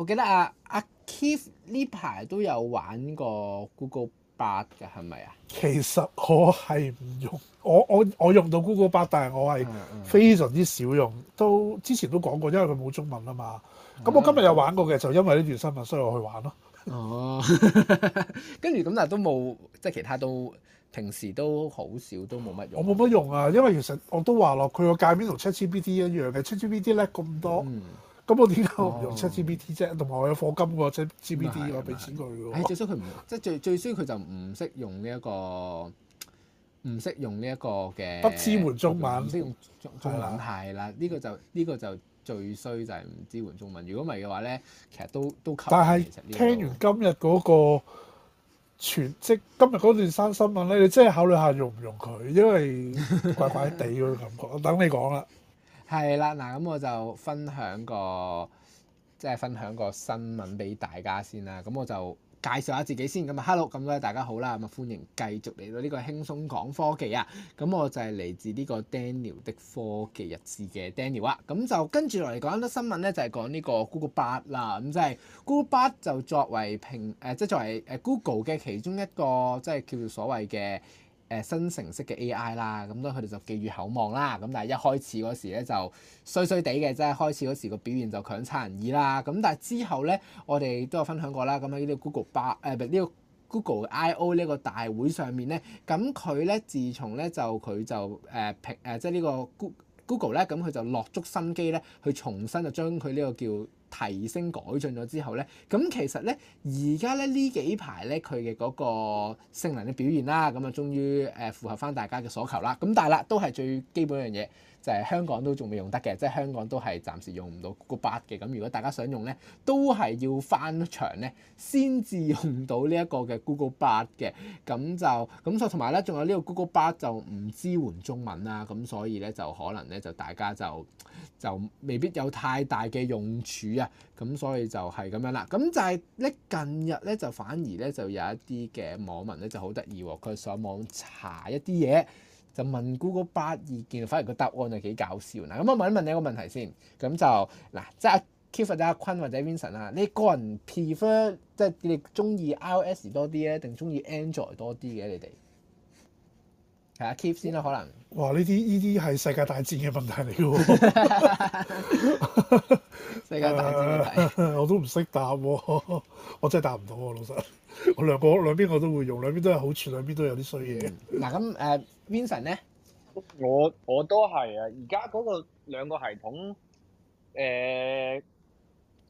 我記得阿阿 Kief 呢排都有玩過 Google 八嘅，係咪啊？其實我係唔用，我我我用到 Google 八，但係我係非常之少用。嗯嗯、都之前都講過，因為佢冇中文啊嘛。咁、嗯、我今日有玩過嘅，嗯、就因為呢段新聞，所以我去玩咯。哦， 跟住咁，但係都冇，即係其他都平時都好少，都冇乜用。嗯嗯、我冇乜用啊，因為其實我都話落佢個界面同 ChatGPT 一樣嘅，ChatGPT 咧咁多。嗯咁我點解我唔用七 GPT 啫？同埋、哦、我有課金喎，即 GPT，我俾錢佢嘅喎。係最衰佢唔，即係最最衰佢就唔識用呢、這、一個，唔識用呢一個嘅不支援中文，唔識用中文的中文係啦。呢、這個就呢、這個這個就最衰就係唔支援中文。如果唔係嘅話咧，其實都都但係聽完今日嗰個全職今日嗰段新新聞咧，你真係考慮下用唔用佢？因為怪怪地嘅感覺。 我等你講啦。係啦，嗱咁我就分享個即係分享個新聞俾大家先啦。咁我就介紹下自己先。咁啊，Hello，咁咧大家好啦，咁啊歡迎繼續嚟到呢個輕鬆講科技啊。咁我就係嚟自呢個 Daniel 的科技日誌嘅 Daniel 啊。咁就跟住落嚟講多新聞咧，就係、是、講呢個 Google Bard 啦。咁即係 Google Bard 就作為平誒、呃，即係作為誒 Google 嘅其中一個即係叫做所謂嘅。誒生成式嘅 AI 啦，咁都佢哋就寄予厚望啦。咁但係一開始嗰時咧就衰衰地嘅，即係開始嗰時個表現就強差人意啦。咁但係之後咧，我哋都有分享過啦。咁喺呢個 Google 巴誒，唔係呢個 Google I O 呢個大會上面咧，咁佢咧自從咧就佢就誒平誒即係呢個 Go Google 咧，咁佢就落足心機咧去重新就將佢呢個叫。提升改進咗之後咧，咁其實咧而家咧呢幾排咧佢嘅嗰個性能嘅表現啦，咁啊終於誒符合翻大家嘅所求啦，咁但係啦都係最基本嘅一樣嘢。就係香港都仲未用得嘅，即、就、係、是、香港都係暫時用唔到 Google 八嘅。咁如果大家想用，用呢，都係要翻牆呢，先至用到呢一個嘅 Google 八嘅。咁就咁，所同埋呢，仲有呢個 Google 八就唔支援中文啦。咁所以呢，就可能呢，就大家就就未必有太大嘅用處啊。咁所以就係咁樣啦。咁就係呢，近日呢，就反而呢，就有一啲嘅網民呢，就好得意喎。佢上網查一啲嘢。就問 Google Bard 意見，反而個答案就幾搞笑嗱。咁我問一問你一個問題先，咁就嗱，即係 Keith 或者阿坤或者 Vincent 啊，你個人 prefer 即係你中意 iOS 多啲咧，定中意 Android 多啲嘅？你哋係啊 Keith 先啦，可能。哇！呢啲呢啲係世界大戰嘅問題嚟嘅喎。 世界大戰問題、 啊、我都唔識答喎，我真係答唔到喎、啊。老實，我兩個兩邊我都會用，兩邊都有好處，兩邊都有啲衰嘢。嗱咁誒。Vincent 咧，我我都係啊！而家嗰個兩個系統，誒、呃，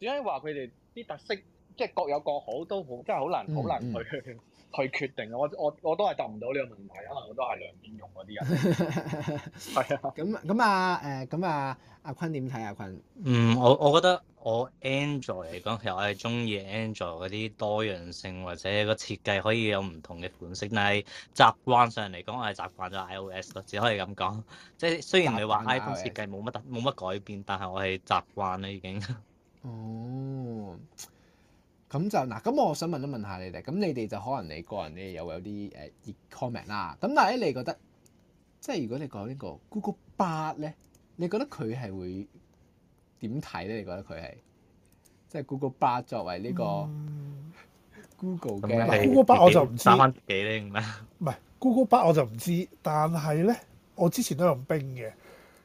點解話佢哋啲特色，即係、就是、各有各好都好，真係好難好難去。嗯嗯。去決定，我我我都係答唔到呢個問題，可能我都係兩邊用嗰啲人。係啊。咁咁啊誒咁啊阿坤點睇阿坤？嗯，我我覺得我 Android 嚟講，其實我係鍾意 Android 嗰啲多樣性或者個設計可以有唔同嘅款式，但係習慣上嚟講，我係習慣咗 iOS 咯，只可以咁講。即係雖然你話 iPhone 設計冇乜冇乜改變，但係我係習慣啦已經、 嗯。哦。咁就嗱，咁我想問一問，問一下你哋，咁你哋就可能你個人咧有有啲誒熱 comment 啦。咁但係你覺得，即係如果你講呢個 Google 八咧，你覺得佢係會點睇咧？你覺得佢係即係 Google 八作為呢個 Go Google 嘅 Google 八我就唔知三蚊幾咧，唔係 Google 八我就唔知，但係咧我之前都用冰嘅。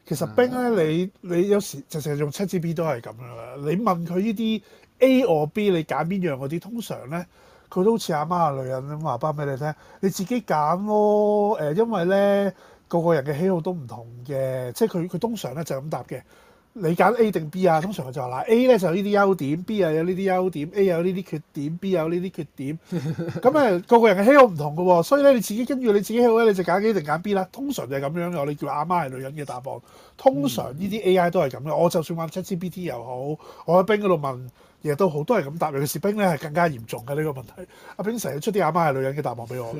其實 Bing 咧，你你有時就成日用七字 B 都係咁啦。你問佢呢啲 A or B，你揀邊樣嗰啲，通常咧佢都好似阿媽啊女人咁話翻俾你聽。你自己揀咯，誒、呃，因為咧個個人嘅喜好都唔同嘅，即係佢佢通常咧就係、是、咁答嘅。你揀 A 定 B 啊？通常我就話嗱，A 咧就有呢啲優點，B 又有呢啲優點，A 有呢啲缺點，B 有呢啲缺點。咁誒，個個人嘅喜好唔同嘅喎，所以咧你自己跟住你自己喜好咧，你就揀 A 定揀 B 啦。通常就係咁樣嘅。我哋叫阿媽係女人嘅答案，通常呢啲 AI 都係咁嘅。我就算玩 ChatGPT 又好，我喺冰嗰度問嘢都好，都係咁答嘅。尤其是冰咧係更加嚴重嘅呢個問題。阿冰成日出啲阿媽係女人嘅答案俾我嘅。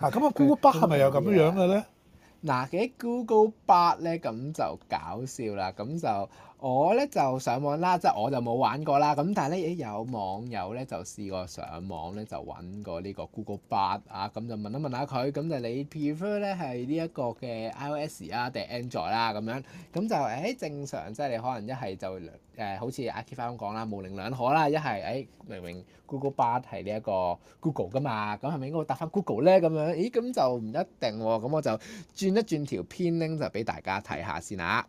嗱， 咁我 Google Bard 係咪又咁樣嘅咧？嗱，佢啲 Google 八咧，咁就搞笑啦，咁就。我咧就上網啦，即、就、係、是、我就冇玩過啦。咁但係咧，有網友咧就試過上網咧，就揾過呢個 Google 巴啊，咁就問一問一下佢，咁就你 prefer 咧係呢一個嘅 iOS 啊定 Android 啦、啊、咁樣。咁就誒、欸、正常，即係你可能一係就誒、呃，好似阿 Kiki 咁講啦，模棱兩可啦。一係誒，明明 Google 巴係呢一個 Google 噶嘛，咁係咪應該答翻 Google 咧？咁樣，咦，咁就唔一定喎、啊。咁我就轉一轉條編拎就俾大家睇下先啊。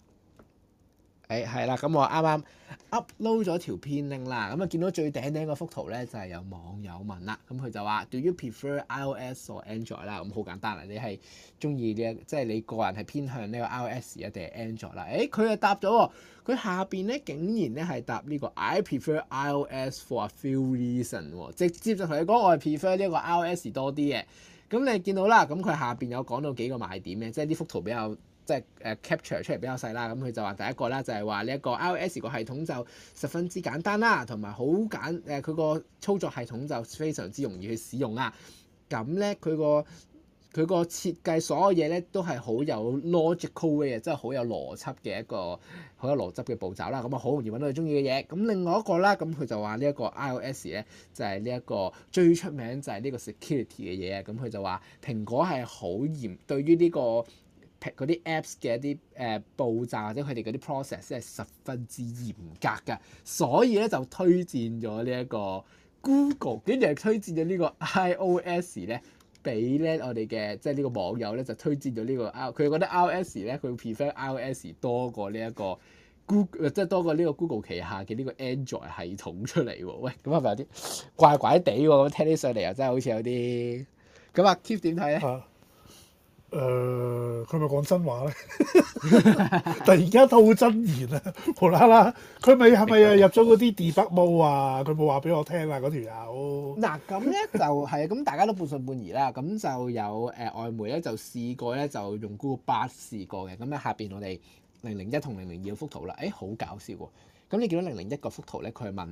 誒係啦，咁、哎、我啱啱 upload 咗條片 link 啦，咁啊見到最頂頂嗰幅圖咧，就係有網友問啦，咁佢就話：Do you prefer iOS or Android 啦，咁好簡單啦，你係中意呢一，即、就、係、是、你個人係偏向呢個 iOS 一定係 Android 啦？誒，佢又答咗喎，佢下邊咧竟然咧係答呢、這個 I prefer iOS for a few reason，直接就同你講我係 prefer 呢個 iOS 多啲嘅。咁你見到啦，咁佢下邊有講到幾個賣點嘅，即係呢幅圖比較。即係誒 capture 出嚟比較細啦，咁佢就話第一個啦，就係話呢一個 iOS 個系統就十分之簡單啦，同埋好簡誒佢個操作系統就非常之容易去使用啦。咁咧佢個佢個設計所有嘢咧都係好有 logical 嘅，即係好有邏輯嘅一個好有邏輯嘅步驟啦。咁啊好容易揾到佢中意嘅嘢。咁另外一個啦，咁佢就話呢一個 iOS 咧就係呢一個最出名就係呢個 security 嘅嘢啊。咁佢就話蘋果係好嚴對於呢個。嗰啲 apps 嘅一啲誒、呃、步驟或者佢哋嗰啲 process 係十分之嚴格嘅，所以咧就推薦咗呢一個 Google，跟住推薦咗呢個 iOS 咧？俾咧我哋嘅即係呢個網友咧就推薦咗呢個 iOS 佢又覺得 iOS 咧佢 prefer iOS 多過呢一個 Google，即係多過呢個 Google 旗下嘅呢個 Android 系統出嚟喎、哦。喂，咁係咪有啲怪怪地？咁聽起上嚟又真係好似有啲咁啊，Keith 點睇咧？誒佢咪講真話咧？ 突然間吐真言無無是是、那個、啊！無啦啦，佢咪係咪啊入咗嗰啲 debug mode 啊？佢冇話俾我聽啊！嗰條友嗱咁咧就係咁，大家都半信半疑啦。咁就有誒、呃、外媒咧就試過咧就用 Google Bard 試過嘅。咁咧下邊我哋零零一同零零二幅圖啦。誒、欸、好搞笑喎！咁你見到零零一個幅圖咧，佢問，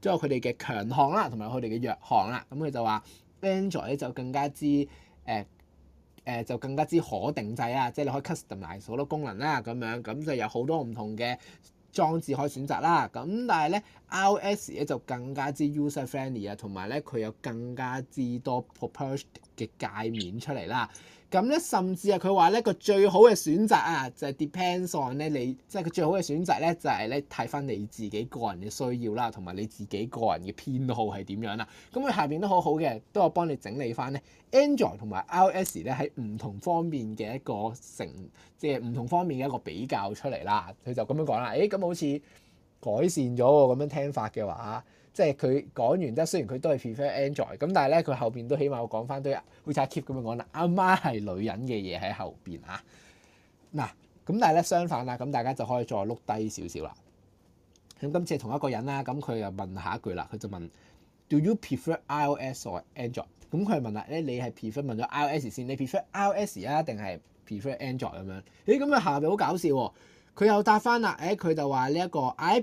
即係佢哋嘅強項啦，同埋佢哋嘅弱項啦。咁佢就話 Android 咧就更加之誒誒、呃呃、就更加之可定制啊，即係你可以 customize 好多功能啦，咁樣咁就有好多唔同嘅裝置可以選擇啦。咁但係咧 iOS 咧就更加之 user friendly 啊，同埋咧佢有更加之多 propose 嘅界面出嚟啦。咁咧，甚至啊，佢話咧個最好嘅選擇啊，就係 depends on 咧你，即係佢最好嘅選擇咧，就係咧睇翻你自己個人嘅需要啦，同埋你自己個人嘅偏好係點樣啦。咁佢下邊都好好嘅，都有幫你整理翻咧，Android 同埋 iOS 咧喺唔同方面嘅一個成，即係唔同方面嘅一個比較出嚟啦。佢就咁樣講啦，誒、哎、咁好似改善咗喎，咁樣聽法嘅話。即係佢講完即係，雖然佢都係 prefer Android，咁但係咧佢後邊都起碼我講翻好似阿 keep 咁樣講啦。阿媽係女人嘅嘢喺後邊啊，嗱咁但係咧相反啦，咁大家就可以再碌低少少啦。咁今次係同一個人啦，咁佢又問下一句啦，佢就問：Do you prefer iOS or Android？咁佢問啦，誒你係 prefer 問咗 iOS 先，你 prefer iOS 啊定係 prefer Android 咁樣？咦咁啊下邊好搞笑，佢又答翻啦，誒、欸、佢就話呢一個 I。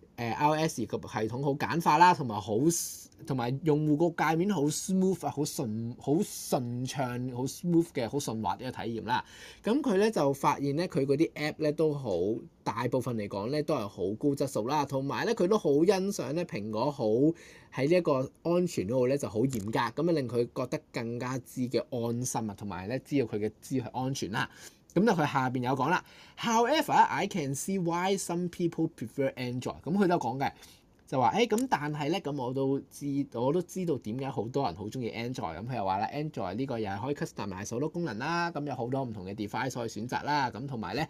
誒 iOS 個系統好簡化啦，同埋好同埋用戶個界面好 smooth 啊，好順好順暢，好 smooth 嘅好順滑嘅體驗啦。咁佢咧就發現咧，佢嗰啲 app 咧都好，大部分嚟講咧都係好高質素啦。同埋咧，佢都好欣賞咧蘋果好喺呢一個安全嗰度咧就好嚴格，咁啊令佢覺得更加知嘅安心啊，同埋咧知道佢嘅資係安全啦。咁就佢下邊有講啦，however I can see why some people prefer Android。咁佢都有講嘅，就話誒咁，欸、但係咧咁我都知，我都知道點解好多人好中意 Android。咁佢又話啦，Android 呢個又係可以 custom 埋好多功能啦，咁有好多唔同嘅 device 可以選擇啦，咁同埋咧。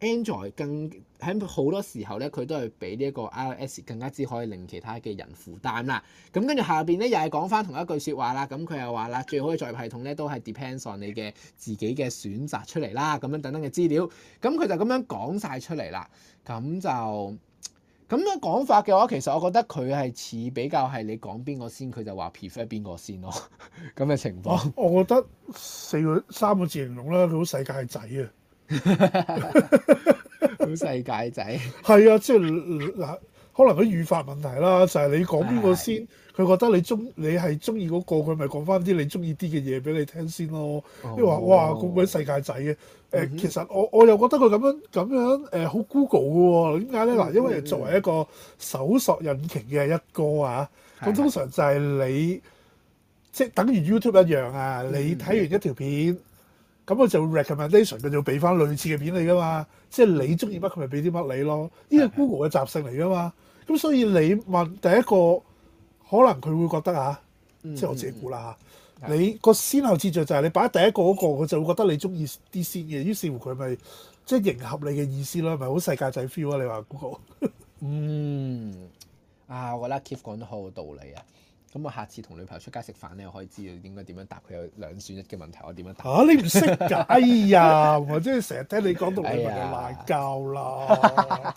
Android 更喺好多時候咧，佢都係俾呢一個 iOS 更加之可以令其他嘅人負擔啦。咁跟住下邊咧，又係講返同一句說話啦。咁佢又話啦，最好嘅作業系統咧，都係 depends on 你嘅自己嘅選擇出嚟啦。咁樣等等嘅資料，咁、嗯、佢就咁樣講晒出嚟啦。咁就咁樣講法嘅話，其實我覺得佢係似比較係你講邊個先，佢就話 prefer 邊個先咯。咁嘅情況我，我覺得四個三個字形容啦，佢好世界係仔啊！ 好世界仔係 啊，即係嗱，可能佢語法問題啦，就係、是、你講邊個先，佢 覺得你中你係中意嗰個，佢咪講翻啲你中意啲嘅嘢俾你聽先咯。即係話哇，咁鬼世界仔嘅，誒、嗯哼，其實我我又覺得佢咁樣咁樣誒，好 Google 嘅喎。點解咧？嗱，因為作為一個搜索引擎嘅一哥啊，咁通常就係你即係、就是、等於 YouTube 一樣啊，你睇完一條片。咁佢就會 recommendation，佢就會俾翻類似嘅片你噶嘛，即係你鍾意乜佢咪俾啲乜你咯，呢個 Google 嘅習性嚟噶嘛。咁的所以你問第一個，可能佢會覺得吓、啊，嗯、即係我自己估啦吓，嗯、你的個先後次序就係你擺第一個嗰、那個，佢就會覺得你鍾意啲先嘅，於是乎佢咪即係迎合你嘅意思咯，咪好世界仔 feel 啊！你話 Google？ 嗯，啊，我覺得 Kev 講得好道理啊。咁我下次同女朋友出街食飯咧，我可以知道應該點樣答佢有兩選一嘅問題，我點樣答？嚇、啊、你唔識㗎？哎呀， 或者成日聽你講、哎、呀 都係鬧交啦。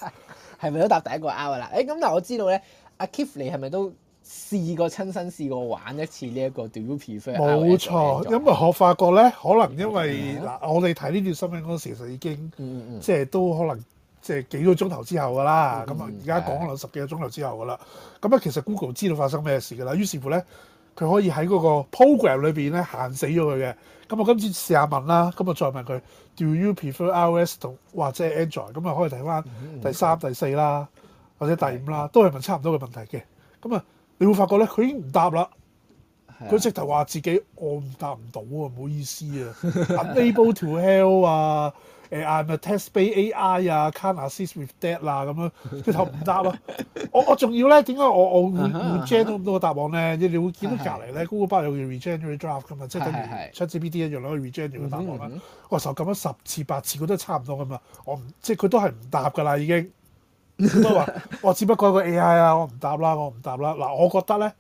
係咪都答第一個啱㗎啦？誒咁嗱，但我知道咧，阿 Kif 你係咪都試過親身試過玩一次呢、這、一個 do you prefer？冇錯，因為我發覺咧，可能因為嗱，我哋睇呢段新聞嗰時，其實已經、嗯嗯、即係都可能。即係幾個鐘頭之後㗎啦，咁啊而家講緊十幾個鐘頭之後㗎啦，咁啊其實 Google 知道發生咩事㗎啦，於是乎咧佢可以喺嗰個 program 裏邊咧限死咗佢嘅。咁我今次試下問啦，咁啊再問佢，Do you prefer iOS 同或者 Android？咁啊可以睇返第三、第四啦，或者第五啦，都係問差唔多嘅問題嘅。咁啊你會發覺咧，佢已經唔答啦，佢直頭話自己我唔答唔到啊，唔好意思啊，Unable to help 啊。I a i 咪 test by a AI 啊，can assist with that 啦，咁樣佢就唔答啦。 我呢我仲要咧，點解我我 generate 咁多個答案咧？你你會見到隔離咧，Google Bard 有個 regenerate draft 噶嘛，即係等於 ChatGPT 一樣攞個 regenerate 答案啦。Uh huh, uh huh. 我就撳咗十次、八次，佢都係差唔多噶嘛。我唔即係佢都係唔答噶啦，已經。咁 我話，我只不過一個 AI 啊，我唔答啦，我唔答啦。嗱，我覺得咧。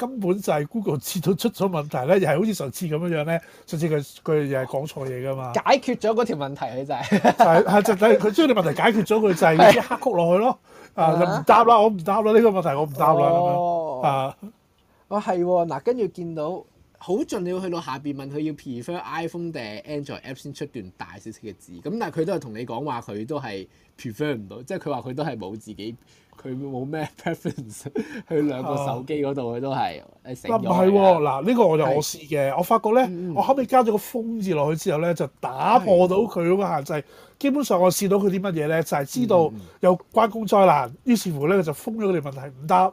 根本就係 Google 知道出咗問題咧，又係好似上次咁樣樣咧，上次佢佢又係講錯嘢㗎嘛？解決咗嗰條問題佢就係、係、係 就係佢將你問題解決咗佢 就一、係、 黑曲落去咯啊、uh huh. 就唔答啦，我唔答啦，呢、這個問題我唔答啦咁樣啊，哦係，嗱，跟住見到。好盡你要去到下邊問佢要 prefer iPhone 定 Android app 先出段大少少嘅字，咁但係佢都係同你講話佢都係 prefer 唔到，即係佢話佢都係冇自己佢冇咩 preference 去 兩個手機度，佢都係唔係？嗱呢、啊呢個我就我試嘅，的我發覺咧，嗯、我後尾加咗個封字落去之後咧，就打破到佢嗰個限制。嗯、基本上我試到佢啲乜嘢咧，就係、是、知道有關公災難，於是乎咧就封咗佢哋問題唔答。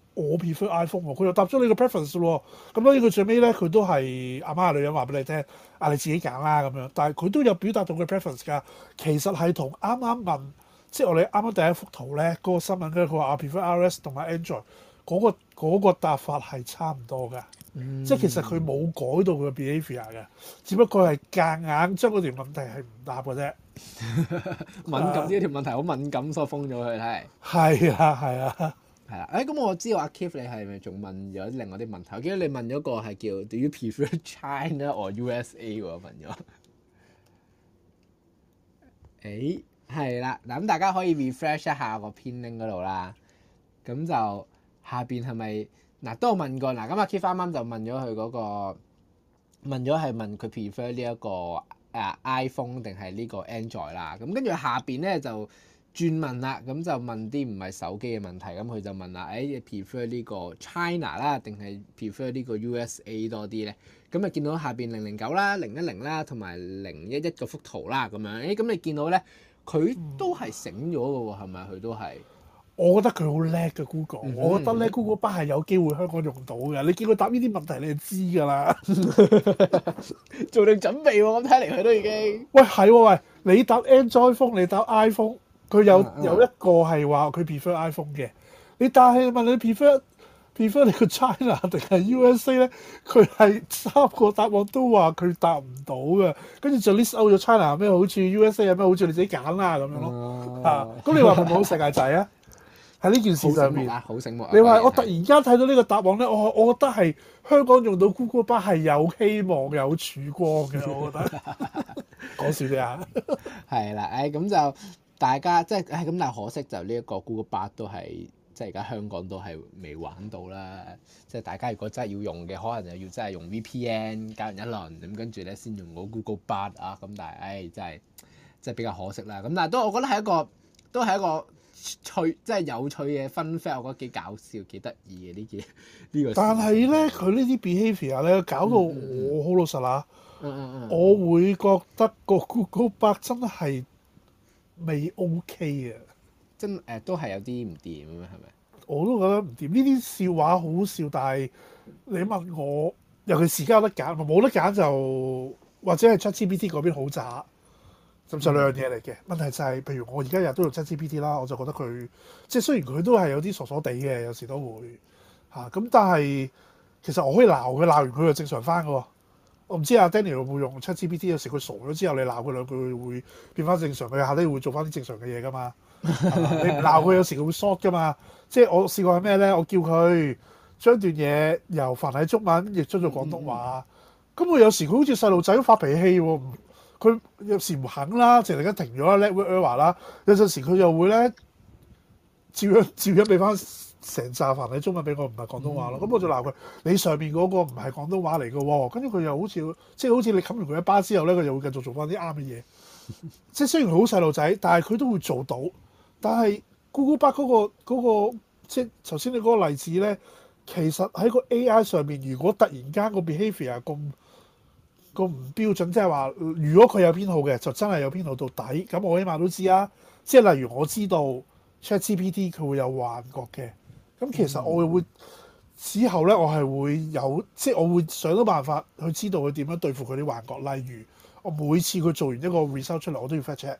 我 prefer iPhone 佢又答咗你個 preference 咯。咁當然佢最尾咧，佢都係阿媽女人話俾你聽，啊你自己揀啦咁樣。但係佢都有表達到佢 preference 㗎。其實係同啱啱問，即係我哋啱啱第一幅圖咧嗰、嗰個新聞跟住佢話 prefer RS 同埋 Android 嗰、嗰個嗰、嗰個、答法係差唔多㗎。嗯、即係其實佢冇改到佢嘅 behavior 㗎，只不過係夾硬將嗰條問題係唔答嘅啫。 敏感呢一條問題好敏感，所以封咗佢係。係 啊，係啊。係啦，誒咁、哎嗯、我知道阿 Kip 你係咪仲問咗另外啲問題？我記得你問咗個係叫 Do you prefer China or USA 我問咗、哎，誒係啦，嗱、嗯、咁大家可以 refresh 一下個 pin link 嗰度啦。咁就下邊係咪嗱都有問過嗱？咁阿 Kip 啱啱就問咗佢嗰個問咗係問佢 prefer 呢、這、一個誒、uh, iPhone 定係呢個 Android 啦？咁跟住下邊咧就。轉問啦，咁就問啲唔係手機嘅問題。咁佢就問啦，誒、哎、，你 prefer 呢個 China 啦，定係 prefer 呢個 U S A 多啲咧？咁啊，見到下邊零零九啦、零一零啦，同埋零一一嗰幅圖啦，咁樣誒，咁、哎、你見到咧，佢都係醒咗嘅喎，係咪？佢都係我覺得佢好叻嘅 Google 嗯嗯嗯嗯嗯。我覺得咧，Google Bard 係有機會香港用到嘅。你見佢答呢啲問題你就，你係知㗎啦，做定準備喎、啊。咁睇嚟佢都已經、嗯、喂係、哦、喂，你答 Android Phone 你答 iPhone。佢有有一個係話佢 prefer iPhone 嘅，你但係問你，你 prefer、啊、prefer 你個 China 定係 USA 咧？佢係三個答案都話佢答唔到嘅，跟住就 list out 咗 China 有咩好處，USA 有咩好處，你自己揀啦咁樣、哦哦啊、咯嚇。咁你話係好世界仔 啊？喺呢件事上面，好醒目、啊、你話我突然間睇到呢個答案咧，我對我覺得係香港用到 Google Bard 係有希望有曙光嘅，我覺得講笑啫嚇。係 啦，誒、哎、咁、嗯、就。大家即係咁，但係可惜就呢一個 Google Bard 都係即係而家香港都係未玩到啦。即係大家如果真係要用嘅，可能又要真係用 VPN 搞完一輪，咁跟住咧先用個 Google Bard 啊。咁但係誒、哎，真係真係比較可惜啦。咁但係都我覺得係一個都係一個趣，即係有趣嘅分法，我覺得幾搞笑、幾得意嘅呢啲、嗯、呢個。但係咧，佢呢啲 behavior 咧搞到我好、嗯嗯、老實啊！嗯嗯嗯、我會覺得個 Google Bard 真係～未 OK 啊！真誒、呃、都係有啲唔掂嘅，係咪？我都覺得唔掂。呢啲笑話好笑，但係你問我，尤其而家有得揀，冇得揀就或者係 ChatGPT 嗰邊好渣。咁就兩樣嘢嚟嘅問題就係、是，譬如我而家日日都用 ChatGPT 啦，我就覺得佢即係雖然佢都係有啲傻傻地嘅，有時都會嚇咁、啊，但係其實我可以鬧佢，鬧完佢就正常翻嘅。我唔知阿 Danny 有冇用七 ChatGPT 有時佢傻咗之後，你鬧佢兩句會變翻正常，佢下低會做翻啲正常嘅嘢噶嘛。 你唔鬧佢，有時佢會 short 噶嘛。即係我試過係咩咧？我叫佢將段嘢由繁體中文譯出做廣東話，咁佢、嗯、有時佢好似細路仔發脾氣喎、哦。佢有時唔肯啦，成日而家停咗啦，let whatever 啦。Error, 有陣時佢又會咧，照樣照樣俾翻。成紮繁體中文俾我，唔係廣東話咯。咁、嗯、我就鬧佢，嗯、你上面嗰個唔係廣東話嚟嘅喎。跟住佢又好似即係好似你冚完佢一巴之後咧，佢就會繼續做翻啲啱嘅嘢。 即係雖然佢好細路仔，但係佢都會做到。但係 Google 巴嗰、嗰個嗰、嗰個即係頭先你嗰個例子咧，其實喺個 A. I. 上面，如果突然間個 behavior 咁個唔標準，即係話如果佢有編號嘅，就真係有編號到底咁。我起碼都知啊。即係例如我知道 ChatGPT 佢會有幻覺嘅。咁、嗯、其實我會之後咧，我係會有即係、就是、我會想啲辦法去知道佢點樣對付佢啲幻覺。例如我每次佢做完一個 result 出嚟，我都要 fact check，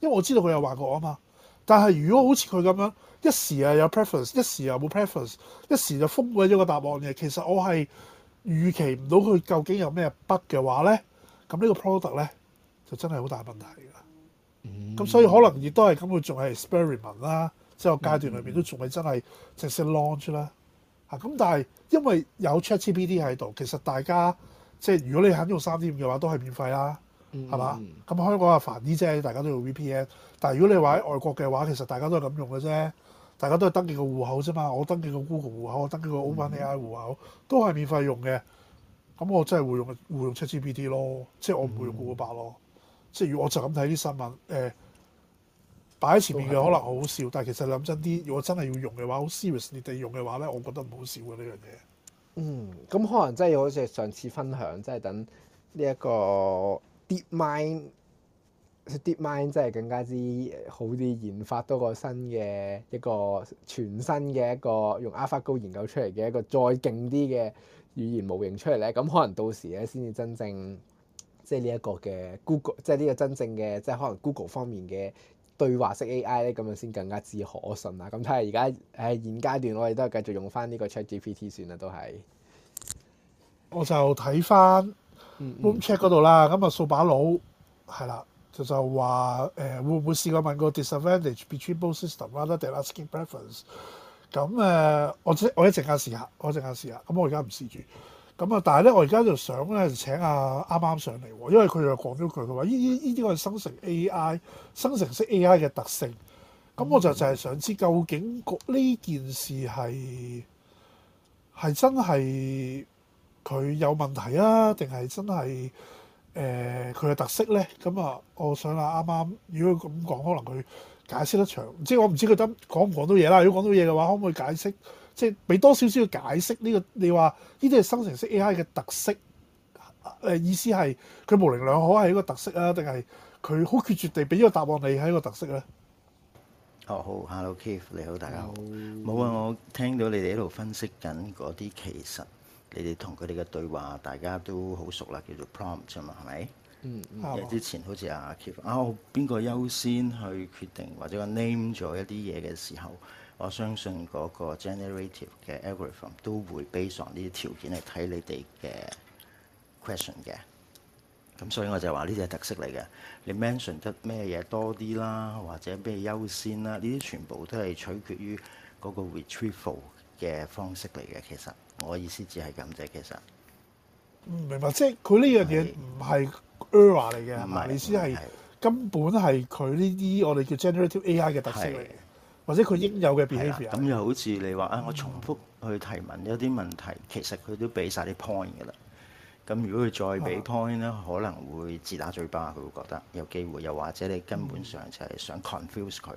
因為我知道佢有幻覺我啊嘛。但係如果好似佢咁樣一時啊有 preference，一時又冇 preference，一時就封鬼咗個答案嘅，其實我係預期唔到佢究竟有咩 bug 嘅話咧，咁呢個 product 咧就真係好大問題啊！咁、嗯、所以可能亦都係咁，佢仲係 experiment 啦。即係個階段裏邊都仲未真係正式 launch 啦、mm，嚇、hmm. 咁但係因為有 ChatGPT 喺度，其實大家即係如果你肯用三點五嘅話，都係免費啦，係嘛？咁、mm hmm. 香港啊煩啲啫，大家都用 VPN，但係如果你話喺外國嘅話，其實大家都係咁用嘅啫，大家都係登記個戶口啫嘛，我登記個 Google 戶口，我登記個 OpenAI 戶口、mm hmm. 都係免費用嘅，咁我真係會用會用 ChatGPT 咯，即係我唔會用 Google 百咯，mm hmm. 即係如果我就咁睇啲新聞誒。呃擺喺前面嘅可能好笑，嗯、但係其實諗真啲，如果真係要用嘅話，好 serious。你哋用嘅話咧，我覺得唔好笑嘅呢樣嘢。嗯，咁可能真係好似上次分享，即係等呢一個 DeepMind，DeepMind 真係更加之好啲研發多個新嘅一個全新嘅一個用 AlphaGo 研究出嚟嘅一個再勁啲嘅語言模型出嚟咧。咁可能到時咧先至真正即係呢一個嘅 Google，即係呢個真正嘅即係可能 Google 方面嘅對話式 AI 咧，咁樣先更加之可信啦。咁但係而家誒現階段，我哋都係繼續用翻呢個 ChatGPT 算啦。都係，我就睇翻，Room Chat 嗰度啦。咁啊、mm，hmm. 數把佬係啦，就就話誒，會唔會試過問過 disadvantage between both systems 啦？定 askin preference？咁誒，我即我一陣間試下，我一陣間試下。咁我而家唔試住。咁啊！但係咧，我而家就想咧請阿啱啱上嚟，因為佢又講咗句，佢話呢呢呢啲係生成 AI、生成式 AI 嘅特性。咁我就就係想知究竟呢件事係係真係佢有問題啊，定係真係誒佢嘅特色呢？咁啊，我想啊啱啱，如果咁講，可能佢解釋得長。即係我唔知佢得講唔講到嘢啦。如果講到嘢嘅話，可唔可以解釋？即係俾多少少解釋呢、呢個？你話呢啲係生成式 AI 嘅特色？誒、呃、意思係佢模棱兩可係一個特色啊，定係佢好決絕地俾個答案你係一個特色咧？哦，好、oh, Hello Keith, 你好，大家好。冇啊、oh，我聽到你哋喺度分析緊嗰啲，其實你哋同佢哋嘅對話大家都好熟啦，叫做 prompt 啫嘛，係咪、mm？之、hmm. 前好似阿 Keith，啊邊個優先去決定、mm hmm. 或者個 name 咗一啲嘢嘅時候？我相信嗰個 generative 嘅 algorithm 都會 base 上呢啲條件嚟睇你哋嘅 question 嘅，咁所以我就話呢啲係特色嚟嘅。你 mention 得咩嘢多啲啦，或者咩優先啦，呢啲全部都係取決於嗰個 retrieval 嘅方式嚟嘅。其實我意思只係咁啫。其實，唔明白，即係佢呢樣嘢唔係 error 嚟嘅，係咪是？意思係根本係佢呢啲我哋叫 generative AI 嘅特色嚟嘅。或者佢應有嘅 behaviour 咁又好似你話啊，我重複去提問一啲問題，嗯、其實佢都俾晒啲 point 嘅啦。咁如果佢再俾 point 咧，嗯、可能會自打嘴巴，佢會覺得有機會。又或者你根本上就係想 confuse 佢，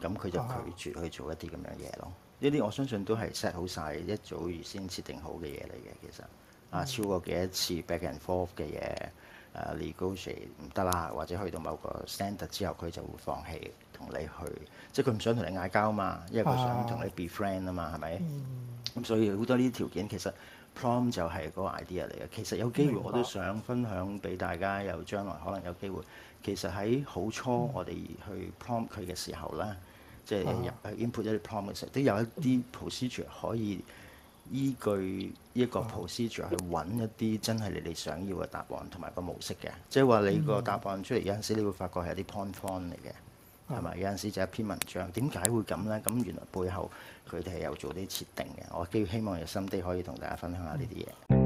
咁佢、嗯、就拒絕去做一啲咁樣嘢咯。呢啲、嗯、我相信都係 set 好晒一早預先設定好嘅嘢嚟嘅，其實啊，嗯、超過幾多次 back and forth 嘅嘢啊，negotiate 唔得啦，或者去到某個 standard 之後，佢就會放棄同你去。即係佢唔想同你嗌交嘛，因為佢想同你 befriend 啊嘛，係咪？咁所以好多呢啲條件其實 prompt 就係嗰個 idea 嚟嘅。其實有機會我都想分享俾大家，有將來可能有機會。其實喺好初我哋去 prompt 佢嘅時候咧，啊、即係去 input 一啲 prompt 時都有一啲 procedure 可以依據一個 procedure 去揾一啲真係你哋想要嘅答案同埋個模式嘅。即係話，你個答案出嚟有陣時你會發覺係一啲 point form 嚟嘅。係咪？ 有陣時就一篇文章點解會咁呢？咁原來背後佢哋係有做啲設定嘅。我都希望有心啲可以同大家分享下呢啲嘢。